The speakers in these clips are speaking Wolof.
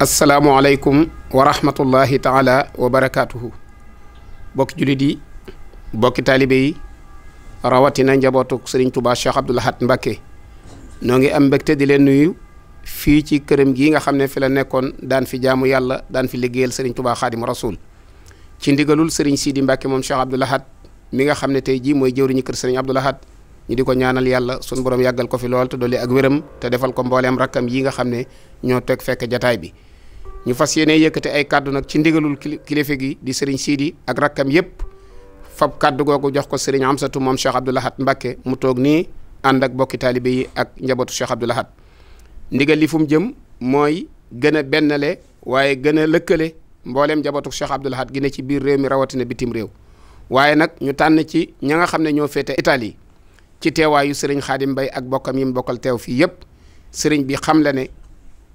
asalaamualeykum wa rahmatullahi taala wa barakaatuhu bokki jullit yi bokki taalibe yi rawatina njabootu sëriñ Touba Cheikh Abdoul Ahad Mbacké noo ngi am mbégte di leen nuyu fii ci këram gii nga xam ne fi la nekkoon daan fi jaamu yàlla daan fi liggéeyal sëriñ Touba Xaadimu Rasuul ci ndigalul sëriñ Sidi Mbacké moom Cheikh Abdoul mi nga xam ne tey jii mooy jëwriñu kër sëriñ Abdoul Ahad ñi di ko ñaanal yàlla sun boroom yàggal ko fi lool te dolli ak wéram te defal ko mbooleem rakkam yi nga xam ne ñoo toog fekk jataay bi ñu fas yéene yëkkate ay kàddu nag ci ndigalul kilifa gi di sëriñ Sidi ak rakkam yëpp fab kàddu googu jox ko sëriñ Amsatu moom Cheikh Abdou Lahad Mbacké mu toog nii ànd ak bokki taalibe yi ak njabootu Cheikh Abdou Lahad ndigal li fu mu jëm mooy gën a bennale waaye gën a lëkkale mbooleem njabootu Cheikh Abdou Lahad gi ne ci biir réew mi rawatina bitim réew waaye nag ñu tànn ci ña xam ne ñoo féete Italie ci teewaayu sëriñ Xaadim Mbay ak bokkam yi mu bokkal teew fii yëpp sëriñ bi xam la ne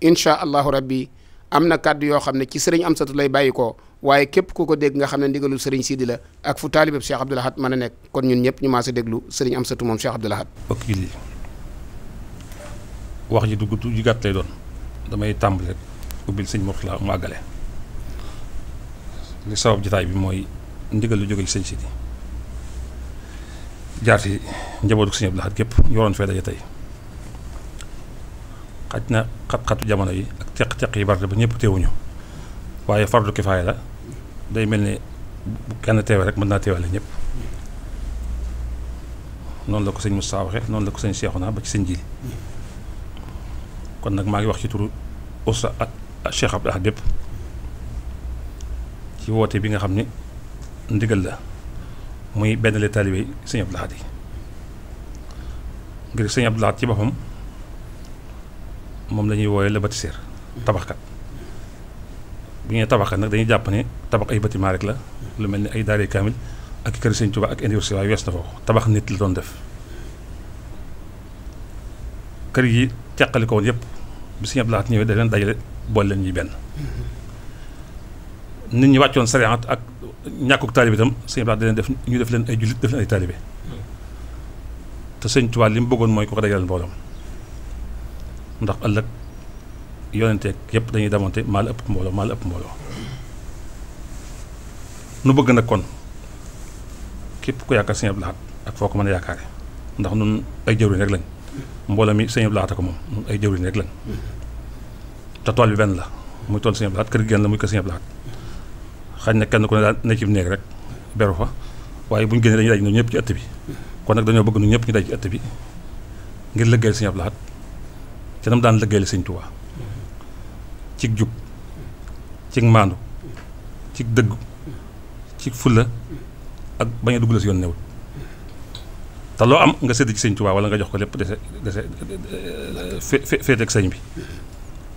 incha allahu rabbi am na kàddu yoo xam ne ci sëriñ Amsatu lay bàyyi ko waaye képp ku ko dégg nga xam ne ndigalul sëriñ Sidi la ak fu taalibeb Cheikh Abdoul Ahad mën a nekk kon ñun ñëpp ñu maase déglu sëriñ Amsatu moom Cheikh Abdoul Ahad bokk julli wax ji du gudd ju gàtt lay doon damay tàmbale ubbil sëñ Mourtala mu àggale li sabab jotaay bi mooy ndigal lu jóge ci sëñ Sidi jaar si njabootu Sëriñ Abdou Lahad gépp yoroon fee daje tey xaj na xat-xatu jamono yi ak teq-teq yi bari ba ñëpp teewuñu waaye fardu kifaaya la day mel ni bu kenn teewee rek mën naa teewale ñëpp noonu la ko sëñ Moustapha waxe noonu la ko sëñ naa ba ci sëñ ji kon nag maa ngi wax ci turu Oustaz ak Cheikh Abdou Lahad ci woote bi nga xam ni ndigal la muy benn le taalibe sëñ Abdou yi ngir sëñ Abdou ci boppam moom la ñuy la le bâtisseur tabaxkat bu ñuy tabaxkat nag dañuy jàpp ne tabax ay bâtiment rek la lu mel ni ay daaree kaamil ak kër sëñ Tuubaa ak université waaye wees na foofu tabax nit la doon def kër yi càqali ko woon yëpp bi sëñ Abdou Lahad ñëwee da leen dajale boole leen ñuy benn nit ñi wàccoon sariyaat ak ñàkkuk taalibe itam sëñ Abdou Lahad leen def ñu def leen ay jullit def leen ay taalibe te sëñ Tuubaa li mu bëggoon mooy ku ko dajaleel mbooloom ndax ëllëg yonenteeg yëpp dañuy demonte maa la ëpp mbooloo maa la ëpp mbooloo nu bëgg nag kon képp ku yaakaar sëñ Abdou ak foo ko mën a yaakaare ndax nun ay jëwriñ rek lañ mbooloo mi sëñ Abdou Lahad ko moom nun ay jëwriñ rek lañ te tool bi benn la muy tool sëñ Abdou Lahad kër gi genn la muy kër sëñ Abdou xañ na kenn ku ne daal na ci nekk rek beru fa waaye bu ñu génnee dañuy daj ñun ñëpp ci ëtt bi kon nag dañoo bëgg ñun ñëpp ñu daj ci ëtt bi ngir lëggéeyal nam daan lëggéeyal Sëñ Tuubaa cig jub cig maandu cig dëggu cig fulla ak bañ a dugg si yoon newut te loo am nga sédd ci Sëñ Tuubaa wala nga jox ko lépp dese dese féete ak sëñ bi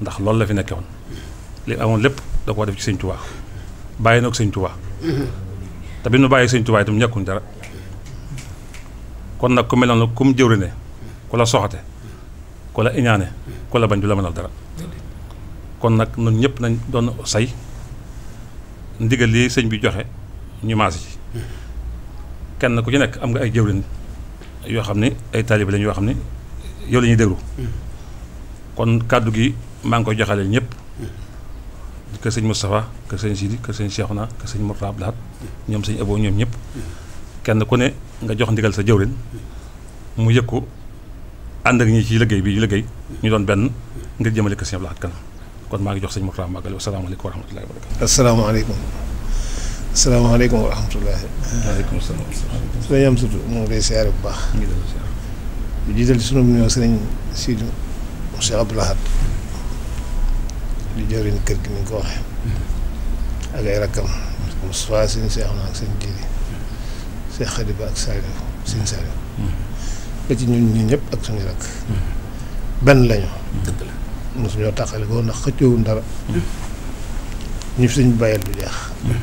ndax loolu la fi nekke woon li amoon lépp da koo def ci Sëñ Tuubaa bàyyi na ko sëñ Tuubaa mm-hmm. te nu bàyyi sëñ Tuubaa itam ñàkkuñ dara kon nag ku mel noonu ku mu jëwri ne ku la soxate ku la iñaane ku la bañ du la mënal dara kon nag ñun ñëpp nañ doon say ndigal lii sëñ bi joxe ñu maas ci kenn ku ci nekk am nga ay jëwrin yoo xam ne ay taalibe lañ yoo xam ne yow la ñuy mm-hmm. kon kàddu gi maa ngi koy joxale ñëpp kër sëñ Moustapha kër sëñ Sidi kër sëñ Cheikhouna kër sëñ Mourtada ñoom sëñ Abo ñoom ñëpp kenn ku ne nga jox ndigal sa jëwrin mu yëg ko ànd ak ñi ci liggéey bi yu liggéey ñu doon benn ngir jëmale kër sëñ Abdou Lahad kanam kon maa ngi jox sëñ Mourtada Magal asalaamaaleykum wa rahmatullahi wa barakatu asalaamaaleykum asalaamaaleykum wa rahmatullahi bu baax ñu jiital ci sunu nuyoo sëriñ Sidi Cheikh di jëriñ kër gi ni nga ko waxee mm-hmm. ak ay rakkam Moustapha sëñ Seex na ak sëñ Jili Seex Xadi Ba ak Saliou sëñ mm-hmm. Saliou mm-hmm. ba ci ñun ñi ñëpp ak suñu rakk benn lañu dëgg la mosuñoo tàqale ko ndax xëccoowuñ dara ñu fi bàyyil du jeex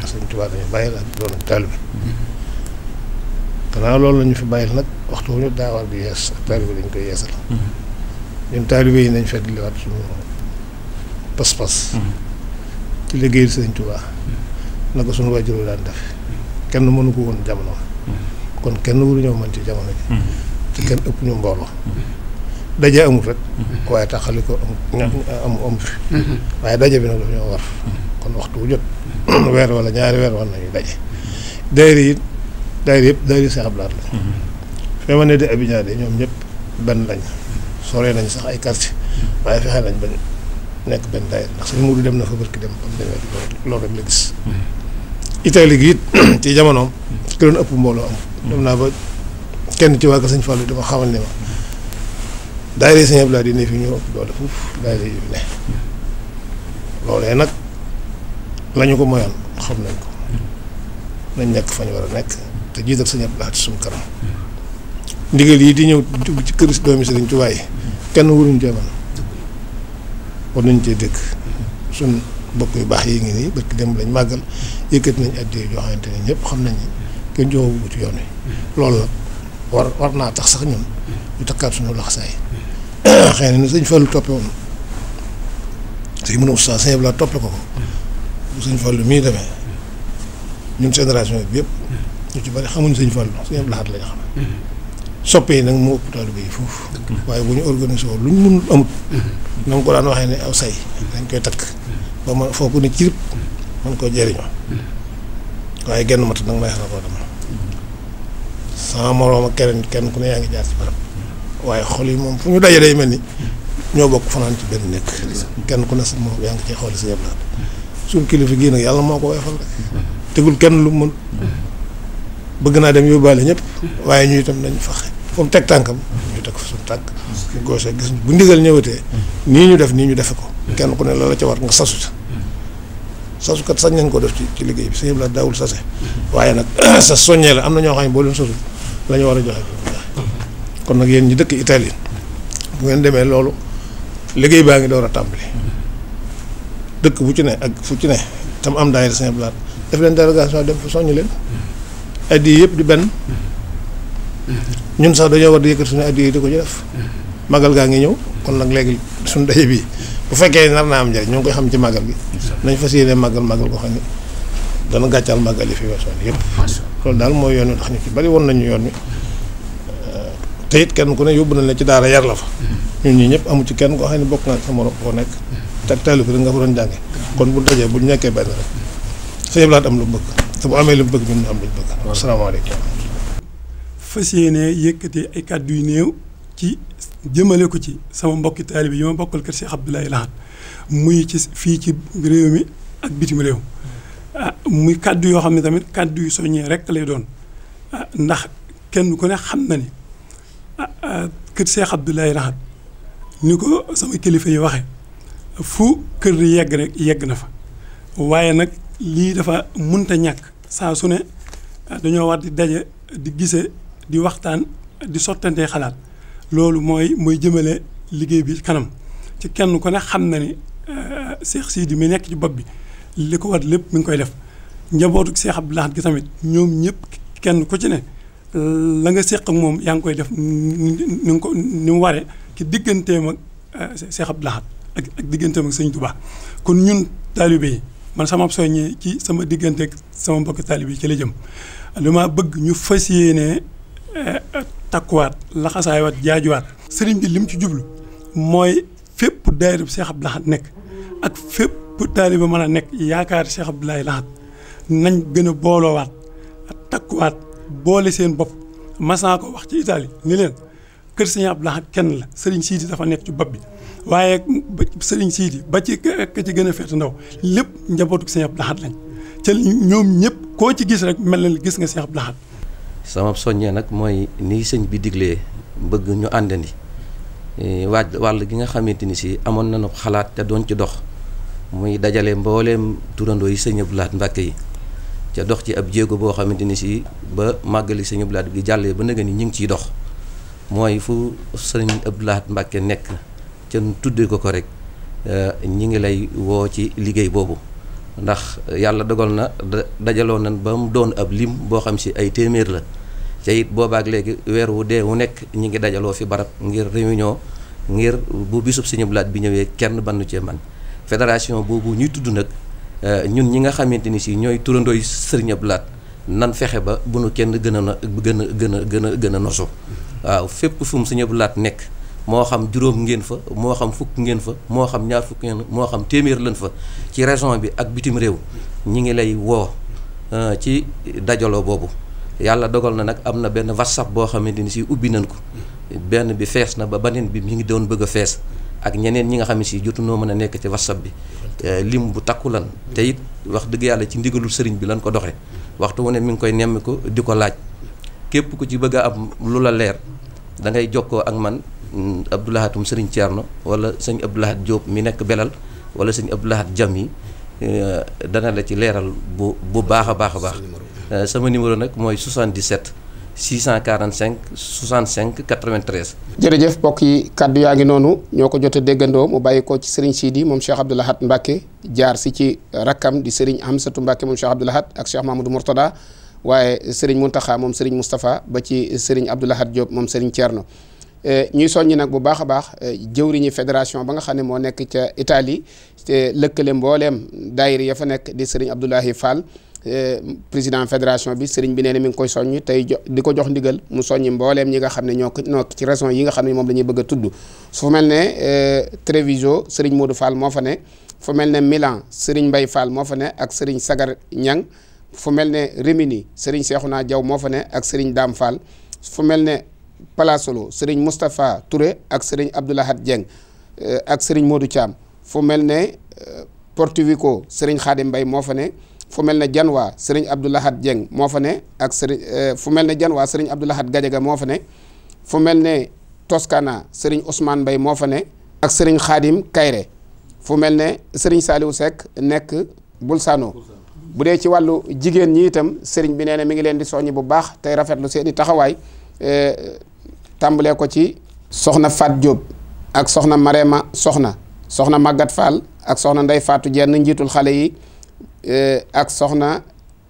suñ tubaab dañu bàyyil ak doon ak taalibe loolu la fi bàyyil nag waxtu wu ñu daawar di yees ak taalibe dañ koy yeesal ñun taalibe yi nañ fedd liwaat suñu pas-pas ci liggéeyal sëriñ Tuubaa la ko sunu waajur daan def kenn mënu ko woon jamono kon kenn wuru ñoo mën ci jamono ji te kenn ëpp ñu mbooloo daje amul rek waaye taxali ko am waaye daje bi nag daf ñoo war kon waxtu wu jot weer wala ñaari weer war nañu daje daayira yi daayira yëpp daayira Seex laa la fee ma ne di Abidjan de ñoom ñëpp benn lañ soree nañ sax ay quartier waaye fexe nañ bañ nekk benn daayira ndax sëñ Mourou dem na fa barki dem ba mu demee loolu gis. Italie gi it ci jamonoom. ki doon ëpp mbooloo am. dem naa ba kenn ci waa Sëñ Fallou dama xamal ne ma daayira Sëñ Abdoulaye di ne fi ñoo ëpp doole foofu daayira yu ne loolee nag lañu ko moyal xam nañ ko nañ nekk fa war a nekk te jiital Sëñ Abdoulaye ci suñu kanam ndigal yi di ñëw dugg ci kër doomi Sëriñ Tuubaa yi kenn wuruñ jamono. war nañ cee dëkk suñ bokk yu baax yi ngi nii barki dem lañ màggal yëkkati nañ addee yoo xamante ne yëpp xam nañ ni kenn joxagu ci yoon wi loolu la war war naa tax sax ñun ñu takkaat suñu laxsaay xëy na ni sëñ Fallou toppe woon sëñ mën a ustaa sëñ toppe ko ko bu sëñ Fallou mii demee ñun génération bi yëpp ñu ci bari xamuñ sëñ Fallou sëñ Abdoulaye lañ xam soppe yi nag moo ëpp bi yi foofu waaye bu ñu organisé woon lu ñu mënul amut na ko daan waxee ne aw say dañ koy takk ba man foo ko ne cirib man koo jëriñoo waaye genn mat nag neex na koo dama sama moroom kenn ku ne yaa ngi jaar ci barab waaye xol yi moom fu ñu daje day mel ni ñoo bokk fanaan ci benn nekk kenn ku ne sa moom yaa ngi ci xool si yëpp laat kilifa gii nag yàlla moo ko weefal rek tegul kenn lu mën bëgg naa dem yóbbaale ñëpp waaye ñu itam nañ fu teg tànkam ñu teg fa suñu tànk gis bu ndigal ñëwatee nii ñu def nii ñu defe ko kenn ku ne la la ca war nga sasu ca sasukat sañ nañ ko def ci ci liggéey bi sëñ bi la daawul sase waaye nag sa soññee la am na ñoo xam ne boo leen sasul la ñu war a joxe kon nag yéen ñi dëkk Italie bu ngeen demee loolu liggéey baa ngi door a tàmbali dëkk bu ci ne ak fu ci ne tam am daayira sëñ bi def leen délégation dem fa soññ leen addi yëpp di benn ñun sax dañoo war di yëkkat suñu addiya di ko ci def. magal gaa ngi ñëw kon nag léegi suñu daje bi bu fekkee nar naa am njëriñ ñu koy xam ci magal gi. nañ fas yéene magal magal ko xam ne dana gàccal magal yi fi weesoon yëpp. loolu daal mooy yoon wi ndax bari woon nañu yoon wi te it kenn ku ne yóbbu nañ la ci daara yar la fa. ñun ñii ñëpp amu ci kenn koo xam ne bokk sa morom koo nekk. Mm-hmm. te rek nga fa doon jànge kon bu dajee bu ñu nekkee benn rek. laa am lu bëgg te bu amee lu bëgg ñun am lu bëgg. waaw asalaamaaleykum. fas yéene yëkkati ay kàddu yu néew ci jëmale ko ci sama mbokki taalibe yi ma bokkal kër Cheikh Abdoulaye muy ci fii ci réew mi ak bitim réew ah, muy kàddu yoo xam ne tamit kàddu yu soññee rek lay doon ah, ndax kenn ko ne xam na ni ah, ah kër Cheikh Abdoulaye ni ko sama kilifa yi waxe fu kër yegg rekk yegg na fa waaye nag lii dafa munta ñàkk saa su ne dañoo war di daje di gise di waxtaan di sottantee xalaat loolu mooy mooy jëmale liggéey bi kanam ci kenn ku ne xam na ni sii euh, Sidi mi nekk ci bopp bi li ko war lépp mi ngi koy def njabootu Cheikh Abdou Lahad gi tamit ñoom ñëpp kenn ku ci ne la nga séq moom yaa ngi koy def ni nga ko ni mu waree ci digganteem ak euh, Cheikh Abdou Lahad ak ak digganteem ak Sëñ Tuubaa kon ñun taalibe yi man sama soññee ci sama diggante ak sama mbokk taalibe yi ci la jëm dama bëgg ñu fas yéenee takkuwaat laxasaayiwaat jaajuwaat sëriñ bi li ci jublu mooy fépp daayira bu Cheikh Abdou nekk ak fépp taaliba mën a nekk yaakaar Cheikh laay Lahad nañ gën a booloowaat takkuwaat boole seen bopp masaa ko wax ci Italie ni leen kër sëriñ Abdou Lahad kenn la sëriñ Sidi dafa nekk ci bopp bi waaye sëriñ Sidi ba ci ka ci gën a fett ndaw lépp njabootu sëriñ Abdou Lahad lañ ca ñoom ñëpp koo ci gis rek mel na gis nga Cheikh Abdou Lahad sama soññee nag mooy nii sëñ bi diglee bëgg ñu àndandi e, waaj wàll gi nga xamante ni si amoon nañu xalaat te doon ci dox muy dajale mbooleem turandoo yi sëñ Abdou Lahad Mbàkke yi ca dox ci ab jéego boo xamante ni si ba màggali sëñ Abdou Lahad bi jàllee ba nëgë ni ñu ngi ciy dox mooy fu sëñ Abdou Lahad Mbàkke nekk ca nu ko ko rek e, ñi ngi lay woo ci liggéey boobu ndax yàlla dogal na da dajaloo nañ ba mu doon ab lim boo xam si ay téeméer la te it boobaak léegi weer wu dee wu nekk ñu ngi dajaloo fi barab ngir réunion ngir bu bisub Sëñ Abdou Lahad bi ñëwee kenn bannu cee man fédération boobu ñuy tudd nag eh, ñun ñi nga xamante ni si ñooy turandooy Sëriñ Abdou Lahad nan fexe ba bu nu kenn gën a gën a gën a gën a gën a nosu waaw fépp fu mu nekk moo xam juróom ngeen fa moo xam fukk ngeen fa moo xam ñaar fukk ngeen moo xam téeméer lañ fa ci région bi ak bitim réew ñi ngi lay woo euh, ci dajaloo boobu yàlla dogal na nag am na benn whatsapp boo xamante ni sii ubbi nañ ko benn bi fees na ba beneen bi mi ngi doon bëgg a fees ak ñeneen ñi nga xam ne si jotu noo mën a nekk ci whatsapp bi euh, lim bu takku lan te it wax dëgg yàlla ci ndigalul sëriñ bi lan ko doxe waxtu wu mu ngi koy nemmi di ko laaj képp ku ci bëgg a am lu la leer da ak man Mm, abdoulahatum sëriñ Thierno wala sëñ abdoulahat Diop mi nekk belal wala sëñ abdoulahat jam yi eh, dana la ci leeral bu bu baax a baax a baax eh, sama numéro nag mooy 77 645 65 93. jërëjëf mbokk yi kàddu yaa ngi noonu ñoo ko jot a déggandoo mu bàyyi koo ci Serigne Sidi moom Cheikh Abdou Lahad Mbacke jaar si ci rakkam di Serigne Hamsatu Mbacke moom Cheikh Abdou Lahad ak Cheikh Mamadou Mourtada waaye Serigne Mountakha moom Serigne ba ci Serigne Abdou Lahad moom Serigne Thierno. Euh, ñuy soññi nag bu baax a baax euh, jëwriñu fédération ba nga xam ne moo nekk ca Italie te lëkkale mbooleem daayira ya fa nekk di sëriñ Abdoulahi Fall euh, président fédération bi sëriñ bi nee na mi ngi koy soññ tey jo di ko jox ndigal mu soññi mbooleem ñi nga xam ne ñoo ko noo ci raison yi nga xam ne moom la ñuy bëgg a tudd fu mel ne Treviso sëriñ Modou Fall moo fa ne fu mel ne Milan sëriñ Mbay Fall moo fa ne ak sëriñ Sagar Ñang fu mel ne Rimini sëriñ Seexuna Jaw moo fa ne ak sëriñ Daam Fall Palaasolo sëriñ Moustapha Touré ak sëriñ Abdoulahat Dieng euh, ak sëriñ Modou Thiam fu mel ne euh, Portuvico sëriñ Xaadim Mbay moo fa ne fu mel ne Janwa sëriñ Abdoulahat Dieng moo fa ne ak sëriñ euh, fu mel ne Janwa sëriñ Abdoulahat Gajaga moo fa ne fu mel ne toskana sëriñ Ousmane Mbay moo fa ne ak sëriñ Xaadim Kayre fu mel ne sëriñ Saliou Seck nekk Bulsano bu dee ci wàllu jigéen ñi itam sëriñ bi nee na mi ngi leen di soññ bu baax tey rafetlu seen i taxawaay tàmbalee ko ci soxna Fat jóob ak soxna Marema soxna soxna Magat Fall ak soxna Ndey Faatu Jenn njiitul xale yi eh, ak soxna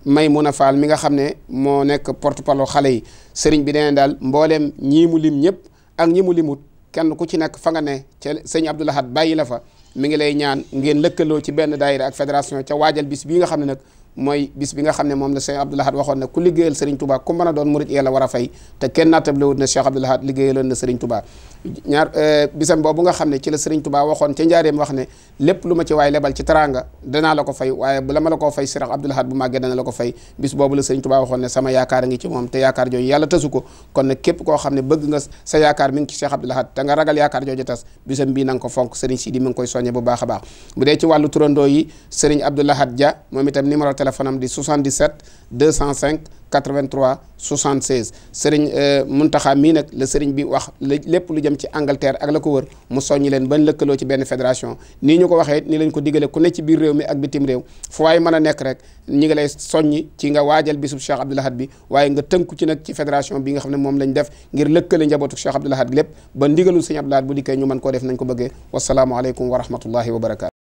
may mun Maymuna Fall mi nga xam ne moo nekk porte-parole xale yi sëriñ bi nee daal mbooleem ñii mu lim ñëpp ak ñi mu limut kenn ku ci nekk fa nga ne ca sëñ Abdoul bàyyi la fa mu ngi lay ñaan ngeen lëkkaloo ci benn daayira ak fédération ca waajal bis bii nga xam ne nag mooy bis bi nga xam ne moom la Cheikh Abdoul waxoon ne ku liggéeyal Serigne Touba ku mën a doon murit yàlla war a fay te kenn naatable wut ne Cheikh Abdoul Ahad moom itam numéro téléphone am di 77 205 83 76 Serigne euh, Mountakha mii nag la Serigne bi wax lépp lu jëm ci Angleterre ak la ko wër mu soññi leen bañ lëkkaloo ci benn fédération nii ñu ko waxee nii lañ ko digale ku ne ci biir réew mi ak bitim réew fu waay mën a nekk rek ñu ngi lay soññi ci nga waajal bisub Cheikh Abdoul Ahad bi waaye nga tënku ci nag ci fédération bi nga xam ne moom lañ def ngir lëkkale njabootu Cheikh Abdoul Ahad lépp ba ndigalul Serigne Abdoul bu dikkee ñu mën koo def ko bëggee wasalaamualeykum wa rahmatullahi wa barakaatu